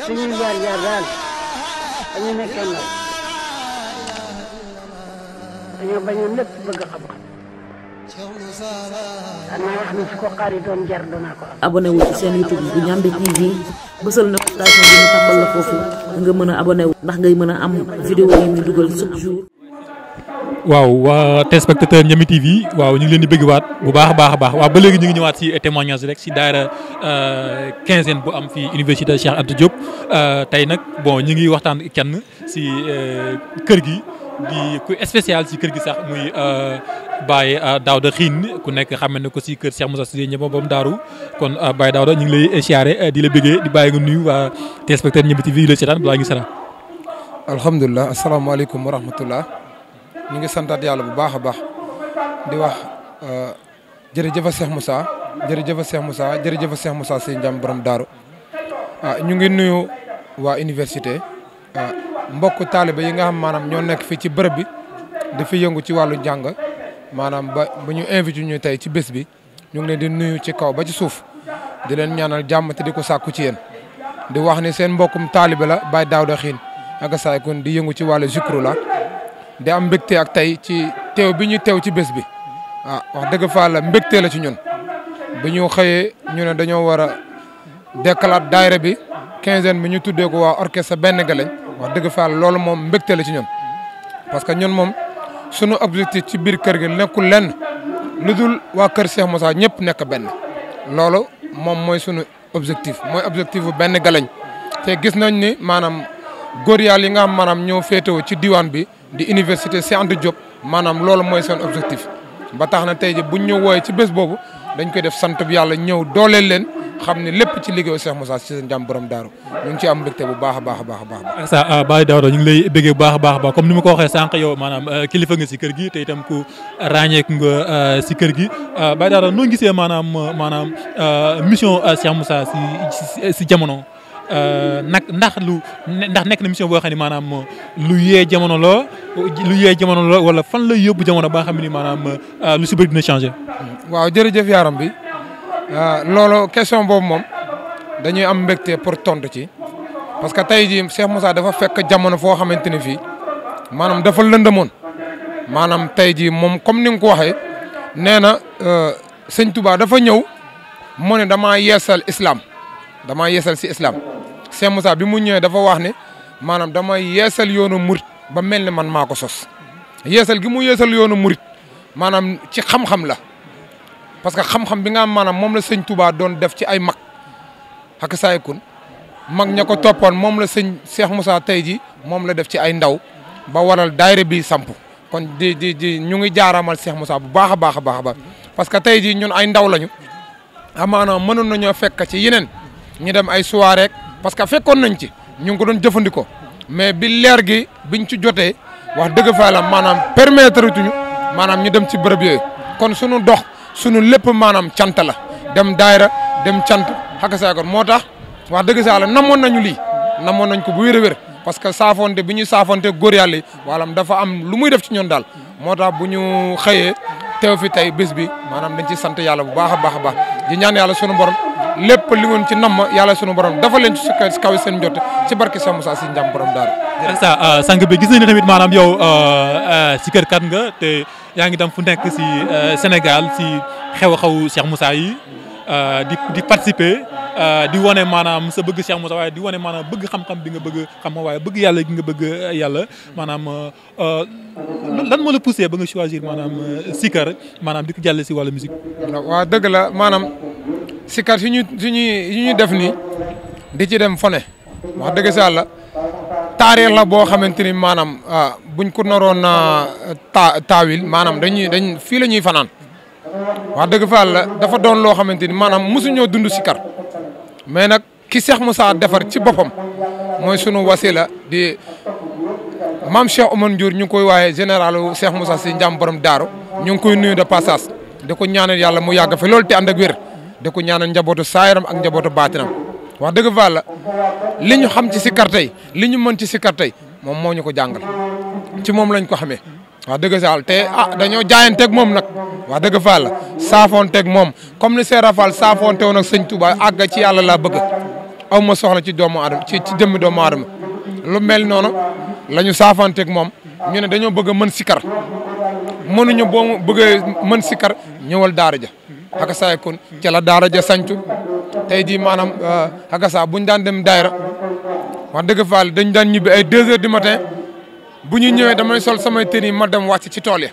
suñu jaar jaar daal dañu nekkee ndaw dañoo bañoon lépp bëgg xam-xam xanaa wax ni su ko xaar yi doon jar doonaa ko am. abonné seen YouTube bu Ndiamé TV bësal na station bi ñu tàmbal la foofu nga mën a abonné wu ndax ngay mën a am vidéo yi ñu dugal chaque jour. waaw waa téléspectateur ñami TV waaw ñu ngi leen di bëgg waat bu baax baax baax waaw ba léegi ñu ngi ñëwaat si témoignage rek si daara 15e euh, bu am fi université Cheikh abdou Diop euh, tay nak bon ñu ngi waxtaan kenn si euh, kër gi di ku spécial si kër gi sax muy Baye Daouda Xiin ku nekk xamé ne ko si kër Cheikh Moussa Cissé ñëpp bam daaru kon Baye Daouda ñu ngi lay échiaré di la bëggé di baye nga nuyu waa téléspectateur ñami TV di la tan bla ngi seetaan assalamu alaykum wa rahmatullah ñu ngi santat yalla bu baaxa baax di wax jeufa Cheikh Moussa jeufa Cheikh Moussa jeufa Cheikh Moussa sey ndam borom daaru ah ñu ngi nuyu wa université ah, mbokk talibé yi nga xam manam ño nek fi ci bërb bi fi yëngu ci walu jang manam bu ñu invite ñu tay ci bës bi ñu ngi di nuyu ci kaw ba ci suuf di len ñaanal jamm te di sakku ci yeen di wax ni seen mbokkum talibé la bay daawda xin ak Saay Kun di yëngu ci walu zikru la di am mbégte ak tey ci teew bi ñu teew ci bés bi ah wax dëgg fa la mbégte la ci ñun bi ñu xëyee ñu ne dañoo war a dekkalaat daayira bi quinzaine bi ñu tuddee ko waa orchestre benn ga wax dëgg fa la loolu moom mbégte la ci ñun. parce que ñun moom sunu objectif ci biir kër gi nekkul lenn lu dul waa kër Cheikh Moussa ñëpp nekk benn loolu moom mooy sunu objectif mooy objectif bu benn galañ te gis nañ ni maanaam góor yaal yi nga xam maanaam ñoo féetewoo ci diwaan bi. di université Cheikh Anta Diop maanaam loolu mooy seen objectif ba tax na tey ji buñ ñu wooyee ci bés boobu dañ koy def sant bi yàlla ñëw dooleel leen xam ne lépp ci liggéeyu Cheikh mossa Cissé Ndiame borom daaru ñu ngi ci am mbégte bu baax a baax a baax a baax sa ah, Baye Daouda ñu ngi lay béggee bu a baax baax comme ni ma ko waxee sànq yow maanaam euh, kilifa nga si kër gi te itam ku nga si euh, kër gi euh, Baye Daouda gisee maanaam maanaam mission Cheikh Moussa si si jamono Euh, nag ndax lu ndax nekk na mission boo xam ne maanaam lu yee jamono loo lu yee jamono la wala fan la yóbbu jamono ba xam ni maanaam euh, lu si bëri dina changé. waaw jërëjëf yaaram bi euh, loolu question boobu moom dañuy am mbégte pour tontu ci parce que tey jii Cheikh Moussa dafa fekk jamono foo xamante ni fii maanaam dafa lëndëmoon maanaam tey jii moom comme ni nga ko waxee nee na sëñ Touba dafa ñëw mu ne damaa yeesal islam damaa yeesal si islaam Cheikh Moussa bi mu ñëwee dafa wax ni maanaam dama yeesal yoonu murit ba mel ni man maa ko sos yeesal gi mu yeesal yoonu murit maanaam ci xam-xam la parce que xam-xam bi nga am maanaam moom la sëñ Touba doon def ci ay mag ak saykun mag ña ko toppoon moom la sëñ Cheikh Moussa tey ji moom la def ci ay ndaw ba waral daayira bi samp kon di di di ñu ngi jaaramal Cheikh Moussa bu baax a baax a baax parce que tey ji ñun ay ndaw lañu amaana mënoon nañoo fekk ci yeneen ñu dem ay soirée parce que fekkoon nañ ci ñu ngi ko doon jëfandikoo mais bi leer gi biñ ci jotee wax dëgg fa la maanaam permettre tuñu maanaam ñu dem ci bërëb yooyu kon sunu dox sunu lépp maanaam cant la dem daayra dem cant xaka saakoon moo tax wax dëgg saa la namoon nañu lii namoon nañ ko bu wér a wér parce que saafonte bi ñuy saafonte góor yàlla yi dafa am lu muy def ci ñoon daal moo tax bu ñu xëyee teew fi tey bés bi maanaam dañ ci sant yàlla bu baax a baax a baax di ñaan yàlla sunu borom lépp li ngeen ci nam yàlla sunu borom dafa leen ci si kaw seen njott ci barke Cheikh Moussa Sy Ndiame borom daara. jërëjëf euh, sang bi gis nañu tamit maanaam yow euh, euh, si kër kat nga te yaa ngi dem fu nekk si Sénégal si xew-xew Cheikh Moussa yi di di participer di wane maanaam sa bëgg Cheikh Moussa waaye di wane maanaam bëgg xam-xam bi nga bëgg xam waaye bëgg yàlla gi nga bëgg yàlla maanaam lan moo la poussé ba nga choisir maanaam sikar maanaam di jàll si wàllu musique. waaw dëgg la maanaam. sikar si ñu si ñu def nii di ci dem fone wax dëgg si yàlla taarix la boo xamante ni maanaam ah, buñ ko naroon ta taawil maanaam dañuy dañ fii la ñuy fanaan wax dëgg fa yàlla dafa doon loo xamante ni maanaam mosuñoo dund sikar mais nag ki mu saa defar ci boppam mooy sunu la di maam Cheikh Oumar Ndiour ñu ngi koy waaye généralu mu Moussa si njàm borom daaru ñu ngi koy nuyu de passage di ko ñaanal yàlla mu yàgg fi loolu te ànd ak wér da ko njabootu saayaram ak njabootu baatinam wax dëgg fa la li ñu xam ci sikar tey li ñu mën ci sikar tey moom moo ñu ko jàngal ci moom lañ ko xamee wax dëgg faal te ah dañoo jaayanteeg moom nag wax dëgg faal la saafoonteeg moom comme ni Seera Fall saafoonte woon ak sëñ ci yàlla laa bëgg aw ma soxla ci doomu aadama ci ci jëmmi doomu aadama lu mel noonu la ñu saafoonteeg moom ñu ne dañoo bëgg a mën sikar mënuñu boo bëggee mën sikar ñëwal daara ja Hagasa kon ca la daara ja sancu tey jii maanaam euh, Hagasa buñ daan dem daayra wax dëgg faal dañ daan ñibbi ay deux heures du bu ñu ñëwee damay sol samay tenue ma dem wàcc ci tool ya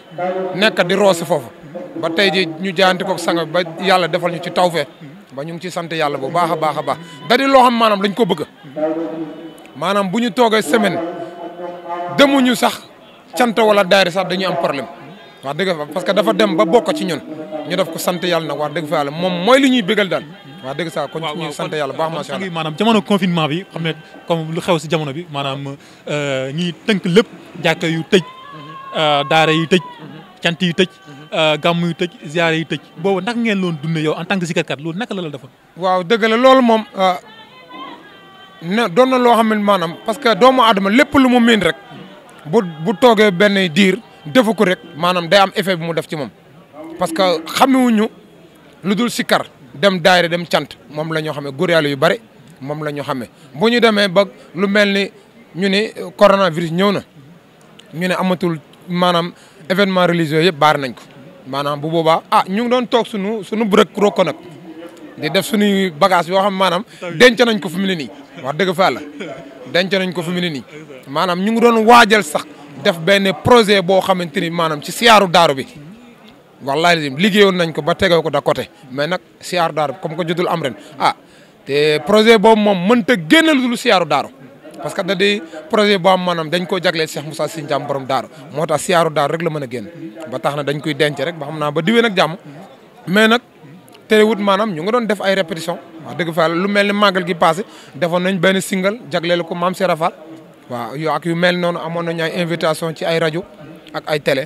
nekk di roosi foofu ba tey jii ñu jaante ko sang ba yàlla defal ñu ci taw tawfeex ba ñu ngi ci sant yàlla bu baax a baax a baax da di loo xam maanaam dañ ko bëgg maanaam bu ñu toogee semaine demuñu sax cant wala daayra sax dañuy am problème wax dëgg fa parce que dafa dem ba bokk ci ñun ñu def ko sant yàlla nag wax dëgg fa yàlla moom mooy li ñuy bégal daal wax dégg saa kon ñu sant yàlla baax macha allah maanaam jamono confinement bi xam ne comme lu xew si bi maanaam euh, ñi tënk lépp jàkka yu tëj euh, daara yu tëj cant yu tëj euh, gàmm yu tëj ziyaare yu tëj boobu naka ngeen loon dund yow en tant que sikarkat loolu naka la la defoon waaw dëgg la loolu moom ne doon na loo xam ne maanaam parce que doomu aadama lépp lu mu miin rek bu bu toogee benn diir defu ko rek maanaam day am effet bi mu def ci moom parce que xamewuñu lu dul sikkar dem daayira dem cant moom la ñoo xamee góor yàlla yu bëri moom la ñu xamee bu ñu demee ba lu mel ni ñu ni coronavirus ñëw na ñu ne amatul maanaam événement religieux yëpp baar nañ ko maanaam bu boobaa ah ñu ngi doon toog suñu suñu bërëk ko nag di def suñuy bagage yoo xam maanaam denc nañ ko fu mu ne nii wax dëgg fa la denc nañ ko fu mu ne nii maanaam ñu ngi doon waajal sax def benn projet boo xamante ni maanaam ci siyaaru daaru bi wallaahi liggéeyoon nañ ko ba tegoo ko da côté mais nag siyaaru daaru bi comme que jotul am ren ah te projet boobu moom mënta génn lu dul siyaaru daaru parce que da di projet boo am maanaam dañ koo jagleel Cheikh Moussa Sy Ndiame borom daaru moo tax siyaaru daaru rek la mën a génn ba tax na dañ koy denc rek ba xam naa ba diwee nag jàmm mais nag terewut maanaam ñu ngi doon def ay répétition wax dëgg fa lu mel ni màggal gi passé defoon nañ benn single jagleel ko maam Serafal waaw yoo ak yu mel noonu amoon nañu ay invitation ci ay rajo ak ay tele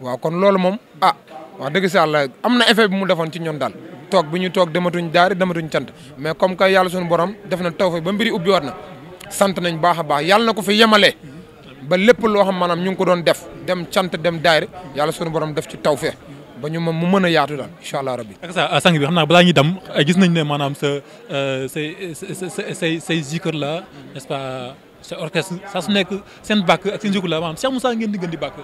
waaw kon loolu moom ah wax dëgg si yàlla am na effet bi mu defoon ci ñun daal toog bi ñu toog dematuñ daari dematuñ cant mais comme que yàlla suñu borom def na taw fa ba mbiri ubbi waat na sant nañ baax baax yàlla na ko fi yemalee ba lépp loo xam maanaam ñu ngi ko doon def dem cant dem daayri yàlla suñu borom def ci taw fe ba ñu mu mën a yaatu daal incha allah rabbi. ak sa ah, sang bi xam naa balaa ñuy dem gis nañ ne maanaam sa sa euh, say say say zikr la n'est-ce sa orchestre sa su nek sen bac ak sen jogu la am Cheikh Moussa ngeen di di bàkk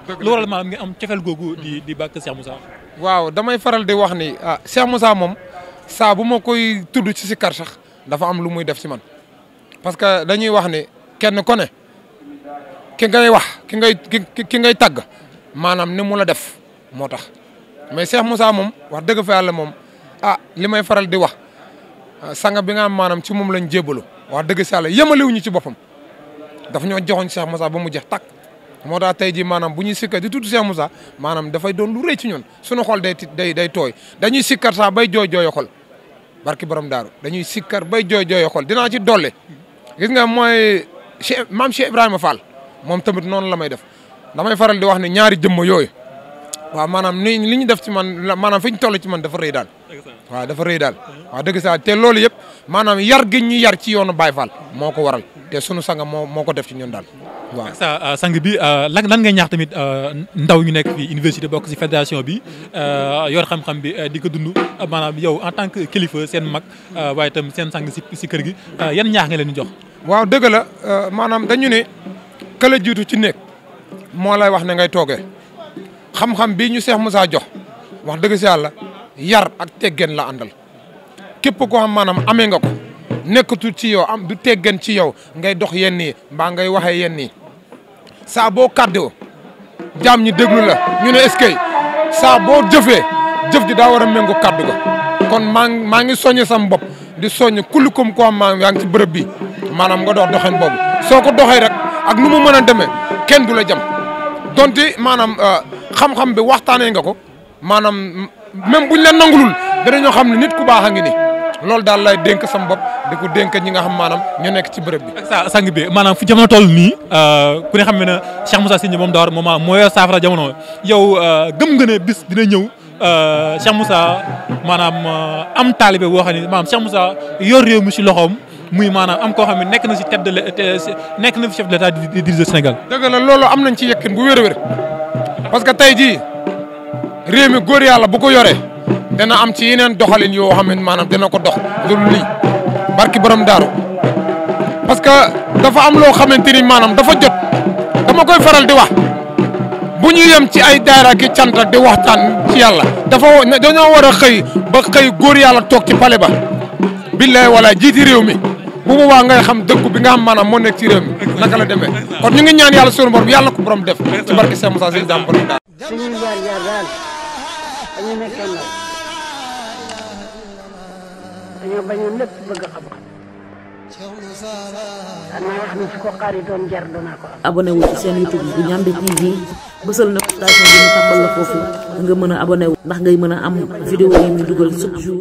am tiefel gogu di di bac Cheikh Moussa waaw damay faral di wax ni ah Cheikh Moussa mom sa bu ma koy tuddu ci kar sax dafa am lu muy def ci man parce que dañuy wax ni kenn ku ne ki ngay wax ki ngay ki ngay tag manam ni mu la def motax mais Cheikh Moussa mom, wax deug fa yalla mom ah limay faral di wax ah, sanga bi nga manam ci mom lañu jébalu wax deug si yalla yemalewuñu ci bopam dafa ñoo joxoñ Cheikh Moussa ba mu jeex takk moo tax tey jii maanaam bu ñuy sikkar di tudd Cheikh Moussa maanam dafay doon lu rëy ci ñun suñu xol day day day tooy dañuy sikkar sax bay jooy jooyo xol barki borom daaru dañuy sikkar bay jooy jooyo xol dinaa ci dolle gis nga mooy Cheikh maam Cheikh Ibrahima Fall moom tamit noonu la may def damay faral di wax ne ñaari jëmm yooyu waaw maanaam ni li ñu def ci man maanaam fi ñu tollu ci man dafa rëy daal waaw dafa rëy daal waaw dëgg saa te loolu yëpp maanaam yar gi ñu yar ci yoonu Baye Fall moo ko waral te sunu sang moo moo ko def ci ñun daal waa sa euh, sang bi euh, lan lan ngay ñaax tamit euh, ndaw ñu nekk fii université bokk ci bi yor xam bi di ko dund maanaam yow en tant kilifa seen mag waaye seen sang si si kër gi yan ñaax nga leen jox waaw dëgg la maanaam dañu ne kala jiitu ci néeg moo lay wax ne ngay toogee xam-xam bi ñu Cheikh Moussa jox wax deug ci yalla yar ak teggeen la andal kep ko xam manam amé nga ko nekkatul ci yow am du teggeen ci yow ngay dox yenni ba ngay waxe yenni sa bo cadeau jam ñi déglu la ñu ne est sa bo jëfé jëf ji da wara a cadeau ga kon ma ngi maa ngi sam bop di soñu kulukum ko am ma ngi ci bërepp bi manam nga dox doxeen boobu soko ko rek ak numu mëna démé kenn dula jam donte maanaam euh, xam-xam bi waxtaanee nga ko maanaam bu buñ leen nangulul danañoo xam ne nit ku baax a ngi ni loolu daal lay dénk sama bopp di ko ñi nga xam maanaam ñu nekk ci bërëb bi. sang bi maanaam fu jamono toll nii euh, ku ne xam ne na Cheikh Moussa Sy moom Daara moom mooy saafara jamono yow euh, gëm nga ne bis dina ñëw. Euh, Cheikh Moussa maanaam am taalibe boo xam ne maanaam Cheikh Moussa yor réew mu si loxoom muy maanaam am koo xam ne nekk na si te de nekk na fi chef de l'état di diriger Sénégal. dëgg la loolu am nañ ci yekkin bu wér-wér parce que tey jii réew mi góor yàlla bu ko yoree dana am ci yeneen doxalin yoo xam ne maanaam dana ko dox loolu lii barki borom daaru parce que dafa am loo xamante ni maanaam dafa jot dama koy faral di wax bu ñu yem ci ay daara ki cant ak di waxtaan ci yàlla dafa dañoo war a xëy ba xëy góor yàlla toog ci pale ba billaay wala jiiti réew mi bu wa ngay xam dëggu bi nga xam maanaam moo ci rew mi naka la demé kon ñu ngi ñaan yalla suñu borom yalla ko borom def ci barke sey Moussa sey jambal yar bëgg xam abonné wu ci youtube bu ñambi tv bësal notification bi ñu tàmbal la foofu nga mën abonné am vidéo yi ñu